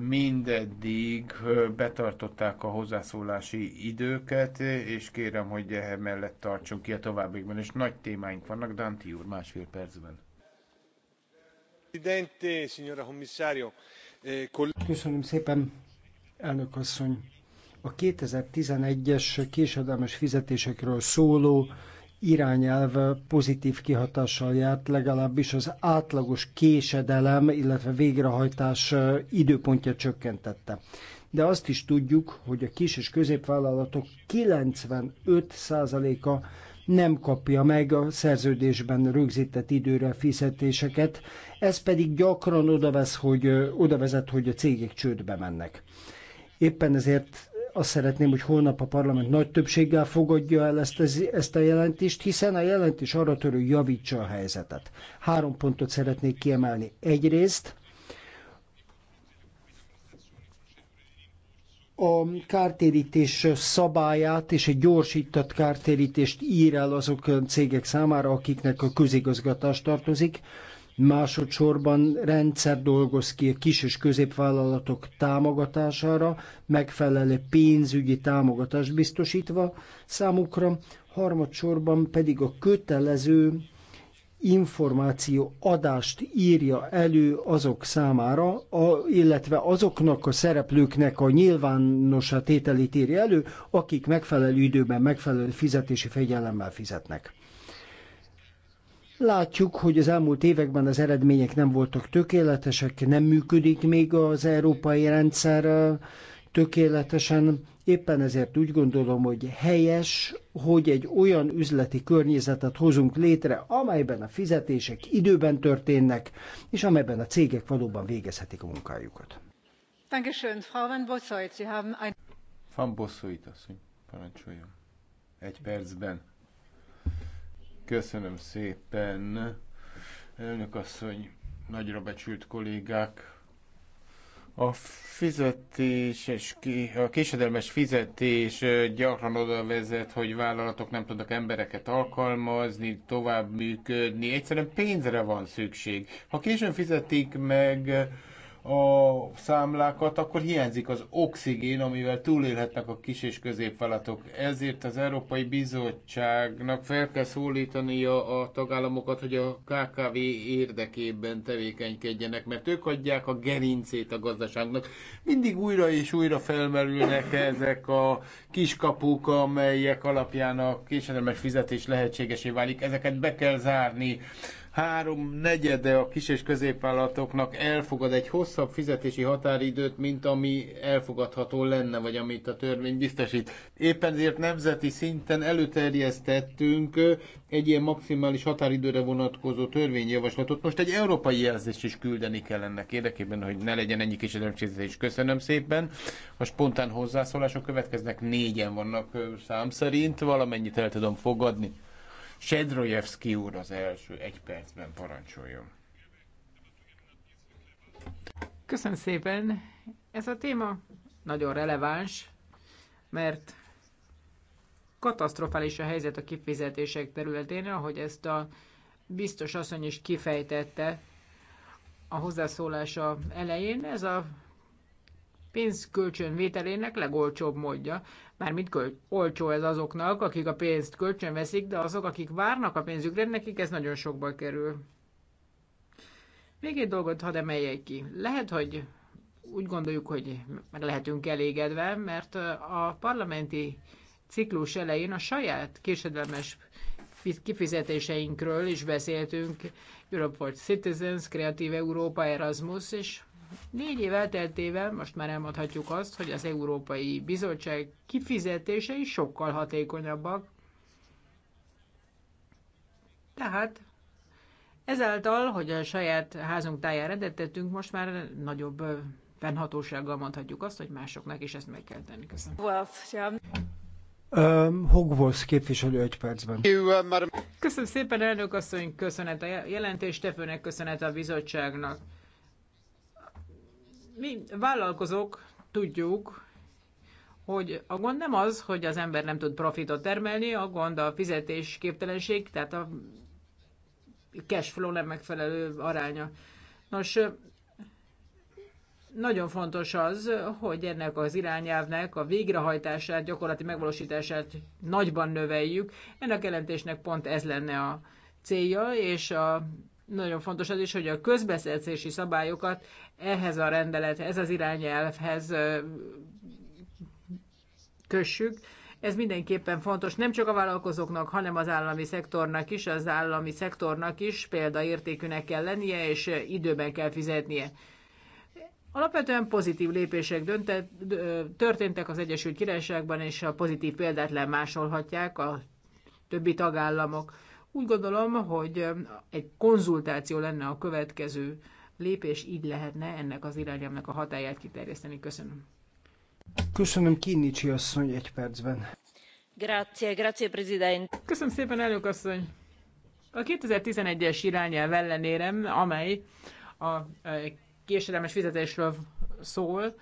mindeddig betartották a hozzászólási időket, és kérem, hogy e mellett tartsunk ki a továbbiakban, és nagy témáink vannak. Danti úr, másfél percben. Eh, Köszönöm szépen, elnök asszony. A 2011-es késedelmes fizetésekről szóló irányelv pozitív kihatással járt, legalábbis az átlagos késedelem, illetve végrehajtás időpontja csökkentette. De azt is tudjuk, hogy a kis és középvállalatok 95%-a nem kapja meg a szerződésben rögzített időre fizetéseket, ez pedig gyakran oda hogy, odavezet, hogy a cégek csődbe mennek. Éppen ezért azt szeretném, hogy holnap a parlament nagy többséggel fogadja el ezt, ezt a jelentést, hiszen a jelentés arra törő javítsa a helyzetet. Három pontot szeretnék kiemelni. Egyrészt a kártérítés szabályát és egy gyorsított kártérítést ír el azok cégek számára, akiknek a közigazgatás tartozik. Másodszorban rendszer dolgoz ki a kis és középvállalatok támogatására, megfelelő pénzügyi támogatást biztosítva számukra, harmadsorban pedig a kötelező információ adást írja elő azok számára, a, illetve azoknak a szereplőknek a nyilvános tételét írja elő, akik megfelelő időben megfelelő fizetési fegyelemmel fizetnek. Látjuk, hogy az elmúlt években az eredmények nem voltak tökéletesek, nem működik még az európai rendszer tökéletesen. Éppen ezért úgy gondolom, hogy helyes, hogy egy olyan üzleti környezetet hozunk létre, amelyben a fizetések időben történnek, és amelyben a cégek valóban végezhetik a munkájukat. Dankeschön, Frau van Bossoit. Sie haben ein... Van asszony, parancsoljon. Egy percben. Köszönöm szépen, elnök asszony, nagyra becsült kollégák. A fizetés és ki, a késedelmes fizetés gyakran oda vezet, hogy vállalatok nem tudnak embereket alkalmazni, tovább működni. Egyszerűen pénzre van szükség. Ha későn fizetik meg, a számlákat, akkor hiányzik az oxigén, amivel túlélhetnek a kis és középvállalatok. Ezért az Európai Bizottságnak fel kell szólítania a tagállamokat, hogy a KKV érdekében tevékenykedjenek, mert ők adják a gerincét a gazdaságnak. Mindig újra és újra felmerülnek ezek a kiskapuk, amelyek alapján a késedelmes fizetés lehetségesé válik. Ezeket be kell zárni három negyede a kis és középvállalatoknak elfogad egy hosszabb fizetési határidőt, mint ami elfogadható lenne, vagy amit a törvény biztosít. Éppen ezért nemzeti szinten előterjesztettünk egy ilyen maximális határidőre vonatkozó törvényjavaslatot. Most egy európai jelzést is küldeni kell ennek érdekében, hogy ne legyen ennyi késedelemcsézés. Köszönöm szépen. A spontán hozzászólások következnek, négyen vannak szám szerint, valamennyit el tudom fogadni. Sedrojevski úr az első, egy percben parancsoljon. Köszönöm szépen. Ez a téma nagyon releváns, mert katasztrofális a helyzet a kifizetések területén, ahogy ezt a biztos asszony is kifejtette a hozzászólása elején. Ez a pénzkölcsönvételének legolcsóbb módja. Mármint köl- olcsó ez azoknak, akik a pénzt kölcsön veszik, de azok, akik várnak a pénzükre, nekik ez nagyon sokba kerül. Még egy dolgot hadd emeljek ki. Lehet, hogy úgy gondoljuk, hogy meg lehetünk elégedve, mert a parlamenti ciklus elején a saját késedelmes kifizetéseinkről is beszéltünk, Europe for Citizens, Kreatív Európa, Erasmus, és Négy év elteltével most már elmondhatjuk azt, hogy az Európai Bizottság kifizetései sokkal hatékonyabbak. Tehát ezáltal, hogy a saját házunk táján rendet tettünk, most már nagyobb fennhatósággal mondhatjuk azt, hogy másoknak is ezt meg kell tenni. Köszönöm. Um, Hogwarts képviselő egy percben. Köszönöm szépen, elnök asszony, köszönet a jelentést jelentéstevőnek, köszönet a bizottságnak mi vállalkozók tudjuk, hogy a gond nem az, hogy az ember nem tud profitot termelni, a gond a fizetés képtelenség, tehát a cash flow nem megfelelő aránya. Nos, nagyon fontos az, hogy ennek az irányelvnek a végrehajtását, gyakorlati megvalósítását nagyban növeljük. Ennek jelentésnek pont ez lenne a célja, és a nagyon fontos az is, hogy a közbeszerzési szabályokat ehhez a rendelethez, ez az irányelvhez kössük. Ez mindenképpen fontos nem csak a vállalkozóknak, hanem az állami szektornak is, az állami szektornak is példaértékűnek kell lennie, és időben kell fizetnie. Alapvetően pozitív lépések döntet, történtek az Egyesült Királyságban, és a pozitív példát lemásolhatják a többi tagállamok. Úgy gondolom, hogy egy konzultáció lenne a következő lépés, így lehetne ennek az irányelvnek a hatáját kiterjeszteni. Köszönöm. Köszönöm, Kinnicsi asszony, egy percben. Grazie, grazie, president. Köszönöm szépen, elnök asszony. A 2011-es irányelv ellenére, amely a e, késedelmes fizetésről szól,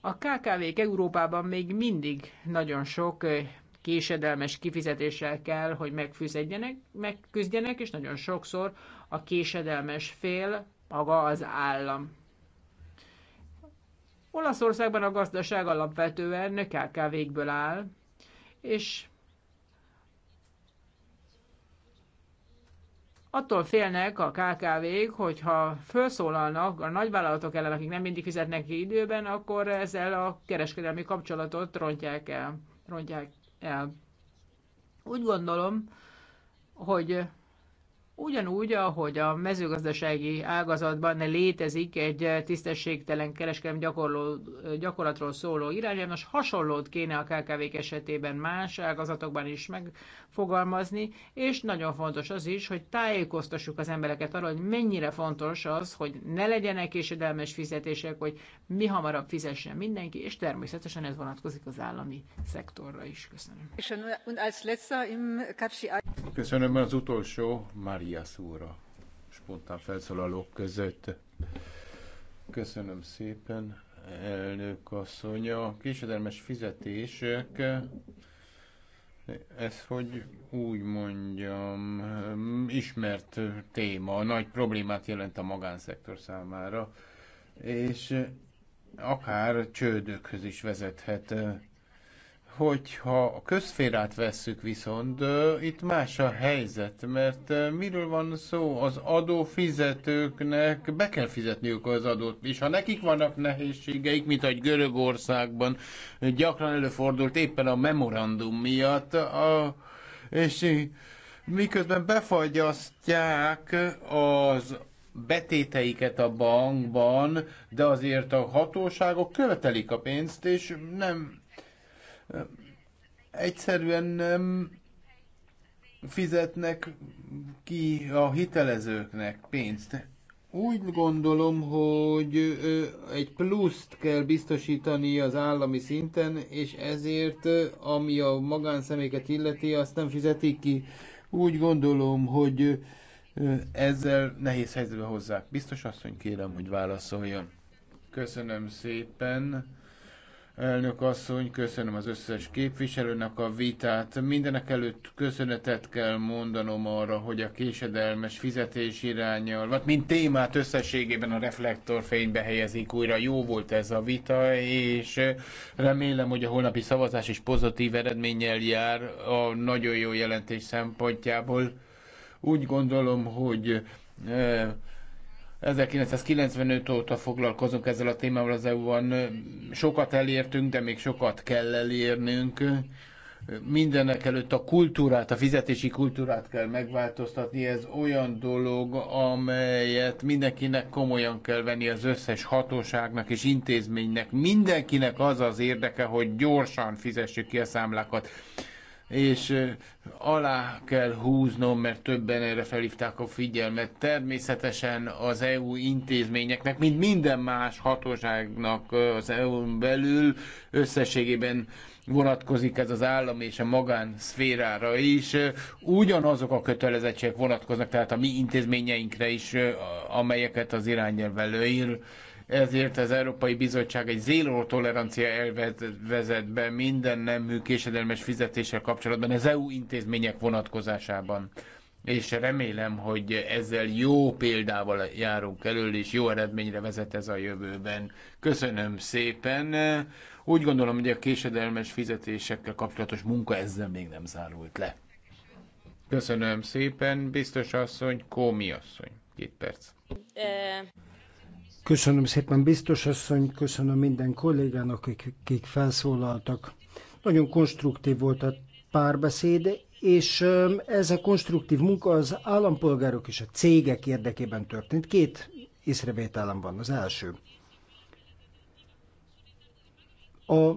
a KKV-k Európában még mindig nagyon sok e, késedelmes kifizetéssel kell, hogy megfűzedjenek, megküzdjenek, és nagyon sokszor a késedelmes fél maga az állam. Olaszországban a gazdaság alapvetően KKV-kből áll, és attól félnek a KKV-k, hogyha felszólalnak a nagyvállalatok ellen, akik nem mindig fizetnek ki időben, akkor ezzel a kereskedelmi kapcsolatot rontják el. Rontják el. Úgy gondolom, hogy Ugyanúgy, ahogy a mezőgazdasági ágazatban létezik egy tisztességtelen kereskedelmi gyakorló, gyakorlatról szóló irányelv, most hasonlót kéne a kkv esetében más ágazatokban is megfogalmazni, és nagyon fontos az is, hogy tájékoztassuk az embereket arra, hogy mennyire fontos az, hogy ne legyenek késedelmes fizetések, hogy mi hamarabb fizessen mindenki, és természetesen ez vonatkozik az állami szektorra is. Köszönöm. Köszönöm az utolsó, Mária. Elias úr spontán felszólalók között. Köszönöm szépen, elnök asszony. A késedelmes fizetések, ez hogy úgy mondjam, ismert téma, nagy problémát jelent a magánszektor számára, és akár csődökhöz is vezethet Hogyha a közférát vesszük viszont, itt más a helyzet, mert miről van szó? Az adófizetőknek be kell fizetniük az adót, és ha nekik vannak nehézségeik, mint egy Görögországban gyakran előfordult éppen a memorandum miatt, a, és miközben befagyasztják az betéteiket a bankban, de azért a hatóságok követelik a pénzt, és nem egyszerűen nem fizetnek ki a hitelezőknek pénzt. Úgy gondolom, hogy egy pluszt kell biztosítani az állami szinten, és ezért, ami a magánszemélyeket illeti, azt nem fizetik ki. Úgy gondolom, hogy ezzel nehéz helyzetbe hozzák. Biztos asszony kérem, hogy válaszoljon. Köszönöm szépen. Elnök asszony, köszönöm az összes képviselőnek a vitát. Mindenek előtt köszönetet kell mondanom arra, hogy a késedelmes fizetés vagy hát mint témát összességében a reflektorfénybe helyezik újra. Jó volt ez a vita, és remélem, hogy a holnapi szavazás is pozitív eredménnyel jár a nagyon jó jelentés szempontjából. Úgy gondolom, hogy eh, 1995 óta foglalkozunk ezzel a témával az EU-ban. Sokat elértünk, de még sokat kell elérnünk. Mindenek előtt a kultúrát, a fizetési kultúrát kell megváltoztatni. Ez olyan dolog, amelyet mindenkinek komolyan kell venni az összes hatóságnak és intézménynek. Mindenkinek az az érdeke, hogy gyorsan fizessük ki a számlákat és alá kell húznom, mert többen erre felhívták a figyelmet. Természetesen az EU intézményeknek, mint minden más hatóságnak az EU-n belül összességében vonatkozik ez az állam és a magán szférára is. Ugyanazok a kötelezettségek vonatkoznak, tehát a mi intézményeinkre is, amelyeket az irányelv előír ezért az Európai Bizottság egy zéró tolerancia elvet vezet be minden nemű késedelmes fizetéssel kapcsolatban az EU intézmények vonatkozásában. És remélem, hogy ezzel jó példával járunk elől, és jó eredményre vezet ez a jövőben. Köszönöm szépen. Úgy gondolom, hogy a késedelmes fizetésekkel kapcsolatos munka ezzel még nem zárult le. Köszönöm szépen, biztos asszony, Kómi asszony. Két perc. Eh, Köszönöm szépen, biztos asszony, köszönöm minden kollégának, akik, akik felszólaltak. Nagyon konstruktív volt a párbeszéd, és ez a konstruktív munka az állampolgárok és a cégek érdekében történt. Két észrevételem van. Az első. A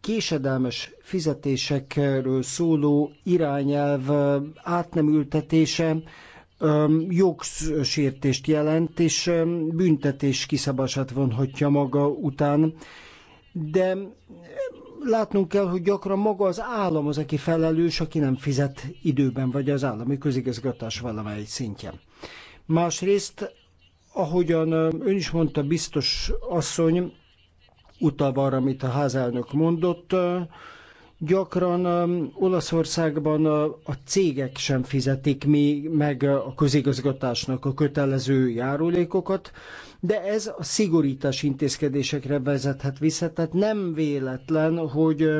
késedelmes fizetésekről szóló irányelv átnemültetése jogsértést jelent, és büntetés kiszabását vonhatja maga után. De látnunk kell, hogy gyakran maga az állam az, aki felelős, aki nem fizet időben, vagy az állami közigazgatás valamelyik szintjén. Másrészt, ahogyan ön is mondta, biztos asszony, utalva arra, amit a házelnök mondott, Gyakran Olaszországban a cégek sem fizetik mi meg a közigazgatásnak a kötelező járulékokat, de ez a szigorítás intézkedésekre vezethet vissza, tehát nem véletlen, hogy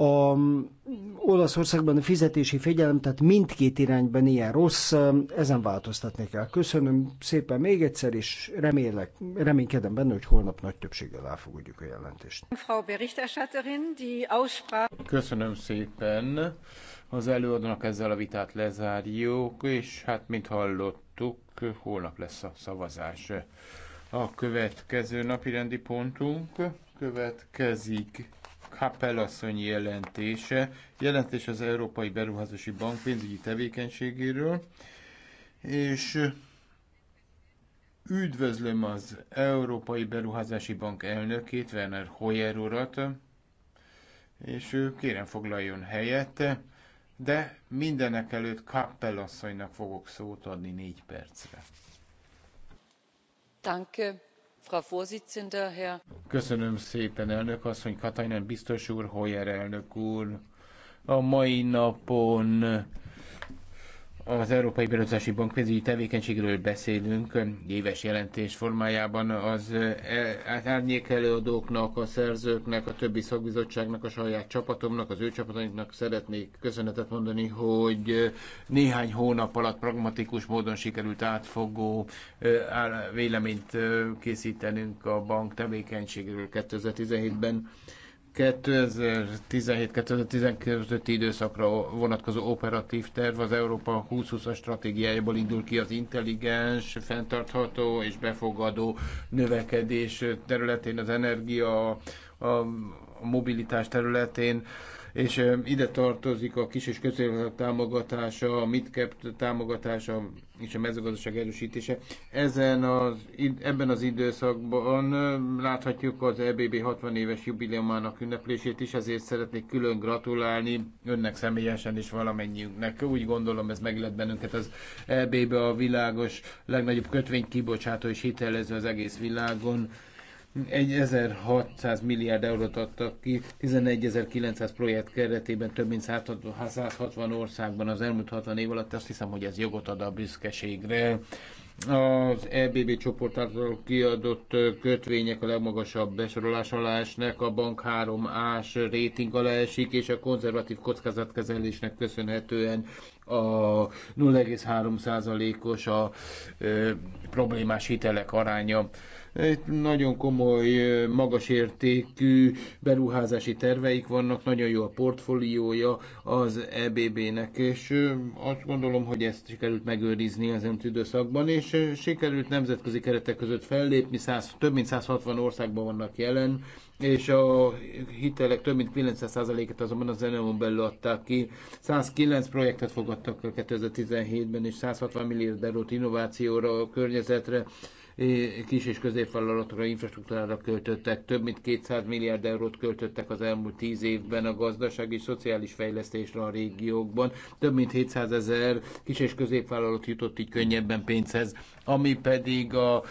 a mm, Olaszországban a fizetési fegyelem, tehát mindkét irányban ilyen rossz, mm, ezen változtatni kell. Köszönöm szépen még egyszer, és remélek, reménykedem benne, hogy holnap nagy többséggel elfogadjuk a jelentést. Köszönöm szépen. Az előadónak ezzel a vitát lezárjuk, és hát, mint hallottuk, holnap lesz a szavazás. A következő napi rendi pontunk következik. Kappel asszony jelentése. Jelentés az Európai Beruházási Bank pénzügyi tevékenységéről, és üdvözlöm az Európai Beruházási Bank elnökét, Werner Hoyer urat, és kérem foglaljon helyet, de mindenek előtt Kappel asszonynak fogok szót adni négy percre. Danke Köszönöm szépen, elnök asszony, Katainen biztos úr, Hoyer elnök úr. A mai napon az Európai Beruházási Bank pénzügyi tevékenységről beszélünk éves jelentés formájában az e, árnyékelőadóknak, a szerzőknek, a többi szakbizottságnak, a saját csapatomnak, az ő csapatainknak szeretnék köszönetet mondani, hogy néhány hónap alatt pragmatikus módon sikerült átfogó e, véleményt e, készítenünk a bank tevékenységről 2017-ben. 2017-2019 időszakra vonatkozó operatív terv az Európa 2020-as stratégiájából indul ki az intelligens, fenntartható és befogadó növekedés területén, az energia, a mobilitás területén és ide tartozik a kis és középvállalat támogatása, a midcap támogatása és a mezőgazdaság erősítése. Ezen az, ebben az időszakban láthatjuk az EBB 60 éves jubileumának ünneplését is, ezért szeretnék külön gratulálni önnek személyesen is valamennyiünknek. Úgy gondolom, ez meglett bennünket az EBB a világos legnagyobb kötvénykibocsátó és hitelező az egész világon. 1600 milliárd eurót adtak ki, 11900 projekt keretében több mint 160 országban az elmúlt 60 év alatt. Azt hiszem, hogy ez jogot ad a büszkeségre. Az EBB csoport által kiadott kötvények a legmagasabb besorolás alá esnek, a bank 3-ás réting alá esik, és a konzervatív kockázatkezelésnek köszönhetően a 0,3%-os a ö, problémás hitelek aránya. Egy nagyon komoly, magasértékű beruházási terveik vannak, nagyon jó a portfóliója az EBB-nek, és azt gondolom, hogy ezt sikerült megőrizni az időszakban, és sikerült nemzetközi keretek között fellépni, 100, több mint 160 országban vannak jelen, és a hitelek több mint 900%-et azonban a zeneon belül adták ki. 109 projektet fogadtak 2017-ben, és 160 milliárd eurót innovációra, a környezetre, kis és középvállalatokra, infrastruktúrára költöttek, több mint 200 milliárd eurót költöttek az elmúlt 10 évben a gazdasági és szociális fejlesztésre a régiókban, több mint 700 ezer kis és középvállalat jutott így könnyebben pénzhez, ami pedig a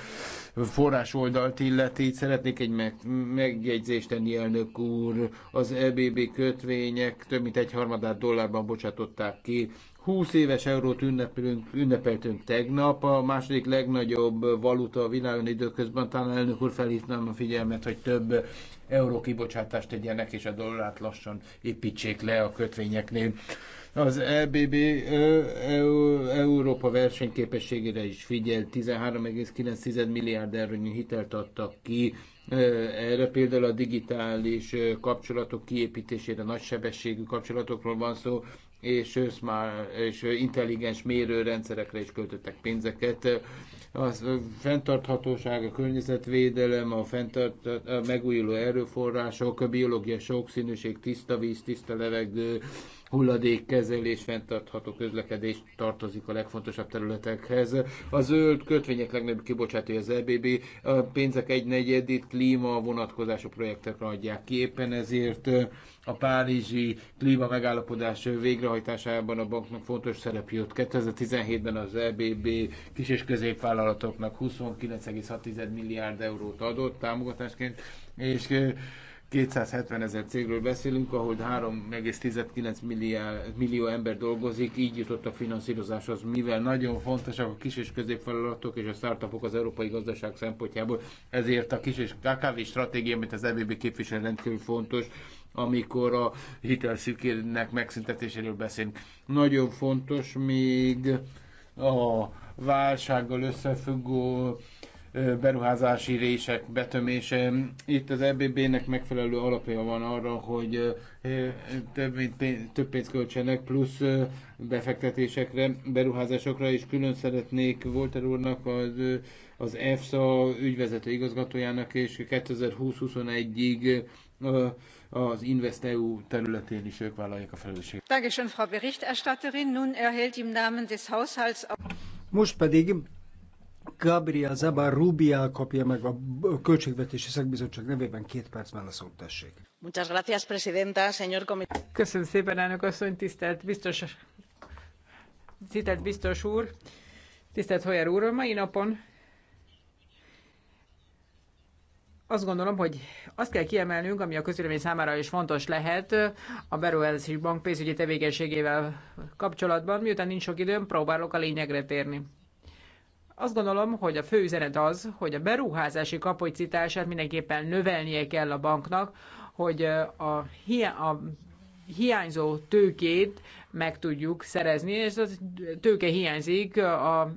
forrás oldalt illeti. Szeretnék egy meg, megjegyzést tenni, elnök úr. Az EBB kötvények több mint egy harmadát dollárban bocsátották ki. 20 éves eurót ünnepelünk, ünnepeltünk tegnap, a második legnagyobb valuta a világon időközben, talán elnök úr felhívnám a figyelmet, hogy több euró kibocsátást tegyenek, és a dollárt lassan építsék le a kötvényeknél. Az EBB Európa versenyképességére is figyel, 13,9 milliárd eurónyi hitelt adtak ki, erre például a digitális kapcsolatok kiépítésére, nagysebességű kapcsolatokról van szó, és, már, és intelligens mérőrendszerekre is költöttek pénzeket. A fenntarthatóság, a környezetvédelem, a, fenntart, a megújuló erőforrások, a biológia sokszínűség, tiszta víz, tiszta levegő, hulladékkezelés, fenntartható közlekedés tartozik a legfontosabb területekhez. A zöld kötvények legnagyobb kibocsátója az EBB, a pénzek egy negyedét klíma vonatkozású projektekre adják ki, éppen ezért a párizsi klíma megállapodás végrehajtásában a banknak fontos szerep jut. 2017-ben az EBB kis- és középvállalatoknak 29,6 milliárd eurót adott támogatásként, és 270 ezer cégről beszélünk, ahol 3,19 millió ember dolgozik, így jutott a finanszírozáshoz, mivel nagyon fontosak a kis és középvállalatok és a startupok az európai gazdaság szempontjából, ezért a kis és KKV stratégia, amit az EBB képvisel rendkívül fontos, amikor a hitelszűkének megszüntetéséről beszélünk. Nagyon fontos még a válsággal összefüggő beruházási rések betömése. Itt az EBB-nek megfelelő alapja van arra, hogy több, mint pénz, több pénzt költsenek, plusz befektetésekre, beruházásokra, és külön szeretnék Volter úrnak az, az EFSA ügyvezető igazgatójának és 2020-21-ig az InvestEU területén is ők vállalják a felelősséget. Most pedig Gabriel Zabar Rubial kapja meg a Költségvetési Szakbizottság nevében két percben a szót tessék. Köszönöm szépen, elnök asszony, tisztelt biztos, tisztelt biztos úr, tisztelt Hoyer úr, a mai napon azt gondolom, hogy azt kell kiemelnünk, ami a közülemény számára is fontos lehet a beruházási bank pénzügyi tevékenységével kapcsolatban. Miután nincs sok időm, próbálok a lényegre térni. Azt gondolom, hogy a fő üzenet az, hogy a beruházási kapacitását mindenképpen növelnie kell a banknak, hogy a, hiá- a hiányzó tőkét meg tudjuk szerezni, és a tőke hiányzik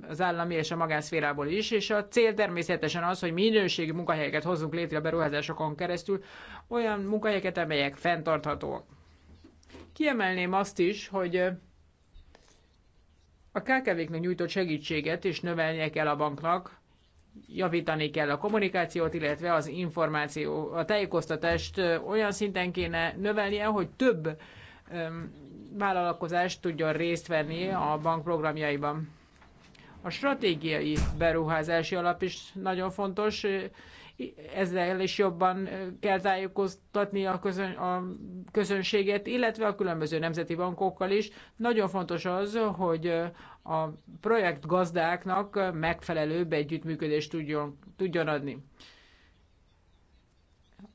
az állami és a magánszférából is, és a cél természetesen az, hogy minőségi munkahelyeket hozzunk létre a beruházásokon keresztül, olyan munkahelyeket, amelyek fenntarthatóak. Kiemelném azt is, hogy a KKV-knek nyújtott segítséget és növelnie kell a banknak, javítani kell a kommunikációt, illetve az információ, a tájékoztatást olyan szinten kéne növelnie, hogy több vállalkozást tudjon részt venni a bank programjaiban. A stratégiai beruházási alap is nagyon fontos, ezzel is jobban kell tájékoztatni a, közön, a közönséget, illetve a különböző nemzeti bankokkal is. Nagyon fontos az, hogy a projekt gazdáknak megfelelőbb együttműködést tudjon, tudjon adni.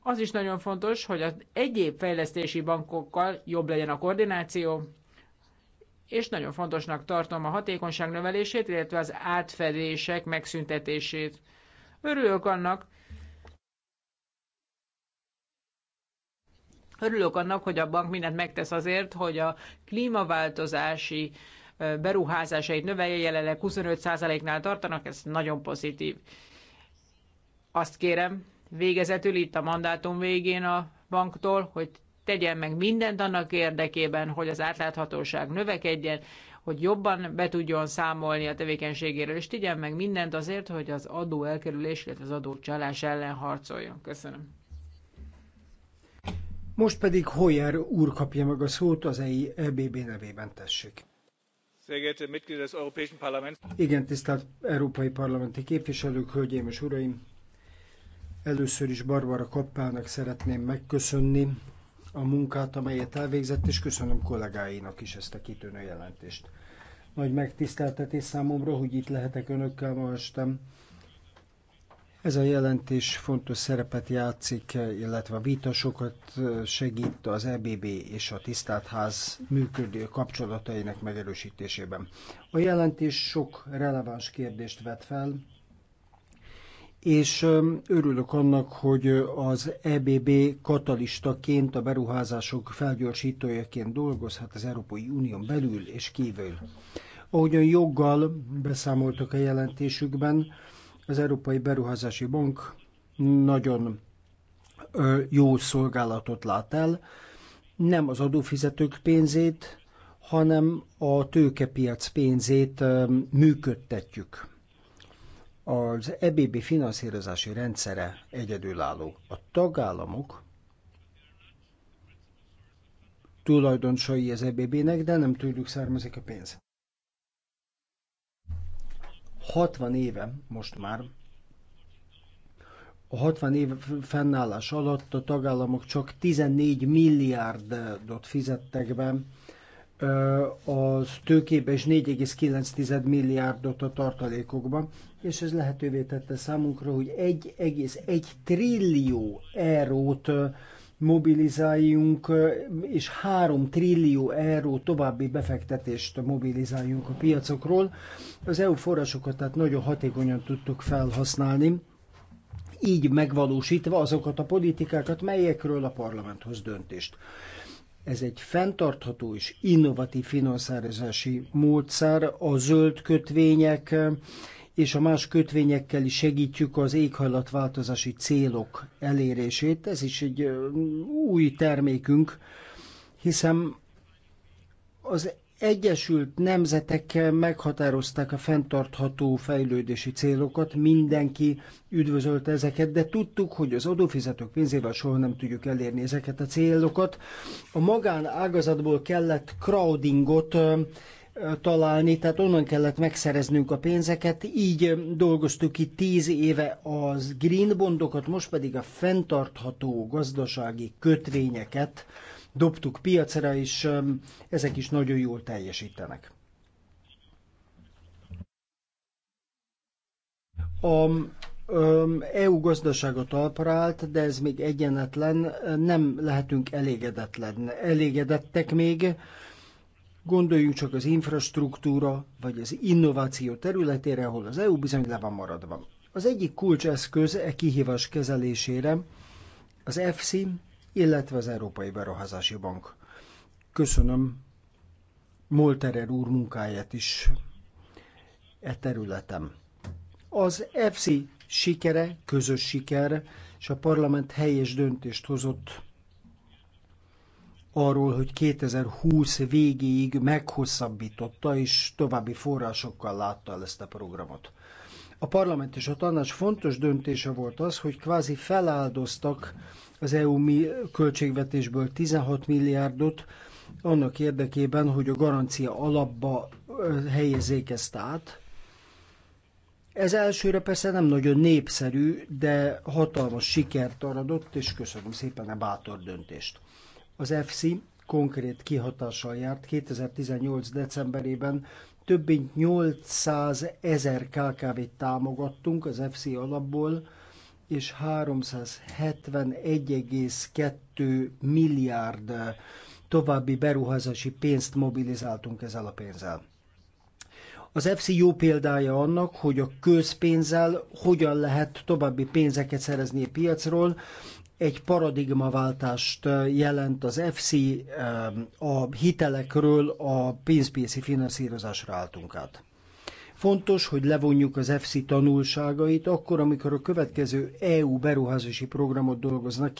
Az is nagyon fontos, hogy az egyéb fejlesztési bankokkal jobb legyen a koordináció, és nagyon fontosnak tartom a hatékonyság növelését, illetve az átfedések megszüntetését. Örülök annak, Örülök annak, hogy a bank mindent megtesz azért, hogy a klímaváltozási beruházásait növelje, jelenleg 25%-nál tartanak, ez nagyon pozitív. Azt kérem, végezetül itt a mandátum végén a banktól, hogy tegyen meg mindent annak érdekében, hogy az átláthatóság növekedjen, hogy jobban be tudjon számolni a tevékenységéről, és tegyen meg mindent azért, hogy az adó elkerülés, illetve az adó csalás ellen harcoljon. Köszönöm. Most pedig Hoyer úr kapja meg a szót az EIBB e nevében, tessék. Igen, tisztelt Európai Parlamenti képviselők, hölgyeim és uraim! Először is Barbara Kappának szeretném megköszönni a munkát, amelyet elvégzett, és köszönöm kollégáinak is ezt a kitűnő jelentést. Nagy megtiszteltetés számomra, hogy itt lehetek önökkel ma estem, ez a jelentés fontos szerepet játszik, illetve a vita sokat segít az EBB és a tisztelt ház működő kapcsolatainak megerősítésében. A jelentés sok releváns kérdést vet fel, és örülök annak, hogy az EBB katalistaként, a beruházások felgyorsítójaként dolgozhat az Európai Unión belül és kívül. Ahogyan joggal beszámoltak a jelentésükben, az Európai Beruházási Bank nagyon jó szolgálatot lát el, nem az adófizetők pénzét, hanem a tőkepiac pénzét működtetjük. Az EBB finanszírozási rendszere egyedülálló. A tagállamok tulajdonsai az EBB-nek, de nem tőlük származik a pénz. 60 éve most már a 60 év fennállás alatt a tagállamok csak 14 milliárdot fizettek be az tőkébe, és 4,9 milliárdot a tartalékokba, és ez lehetővé tette számunkra, hogy 1,1 trillió eurót mobilizáljunk, és 3 trillió euró további befektetést mobilizáljunk a piacokról. Az EU forrásokat tehát nagyon hatékonyan tudtuk felhasználni, így megvalósítva azokat a politikákat, melyekről a parlament hoz döntést. Ez egy fenntartható és innovatív finanszírozási módszer, a zöld kötvények, és a más kötvényekkel is segítjük az éghajlatváltozási célok elérését. Ez is egy új termékünk, hiszen az Egyesült Nemzetek meghatározták a fenntartható fejlődési célokat, mindenki üdvözölte ezeket, de tudtuk, hogy az adófizetők pénzével soha nem tudjuk elérni ezeket a célokat. A magánágazatból kellett crowdingot találni, tehát onnan kellett megszereznünk a pénzeket. Így dolgoztuk ki tíz éve az green bondokat, most pedig a fenntartható gazdasági kötvényeket dobtuk piacra, és ezek is nagyon jól teljesítenek. A EU gazdasága talpra állt, de ez még egyenetlen, nem lehetünk elégedetlen. Elégedettek még, Gondoljunk csak az infrastruktúra vagy az innováció területére, ahol az EU bizony le van maradva. Az egyik kulcseszköz e kihívás kezelésére az EFSI, illetve az Európai Beruházási Bank. Köszönöm Molterer úr munkáját is e területem. Az EFSI sikere, közös siker, és a parlament helyes döntést hozott arról, hogy 2020 végéig meghosszabbította és további forrásokkal látta el ezt a programot. A parlament és a tanács fontos döntése volt az, hogy kvázi feláldoztak az EU költségvetésből 16 milliárdot, annak érdekében, hogy a garancia alapba helyezzék ezt át. Ez elsőre persze nem nagyon népszerű, de hatalmas sikert aradott, és köszönöm szépen a bátor döntést. Az FC konkrét kihatással járt 2018. decemberében több mint 800 ezer KKV-t támogattunk az FC alapból, és 371,2 milliárd további beruházási pénzt mobilizáltunk ezzel a pénzzel. Az EFSI jó példája annak, hogy a közpénzzel hogyan lehet további pénzeket szerezni a piacról, egy paradigmaváltást jelent az FC a hitelekről a pénzpiaci finanszírozásra álltunk át. Fontos, hogy levonjuk az FC tanulságait akkor, amikor a következő EU beruházási programot dolgoznak ki,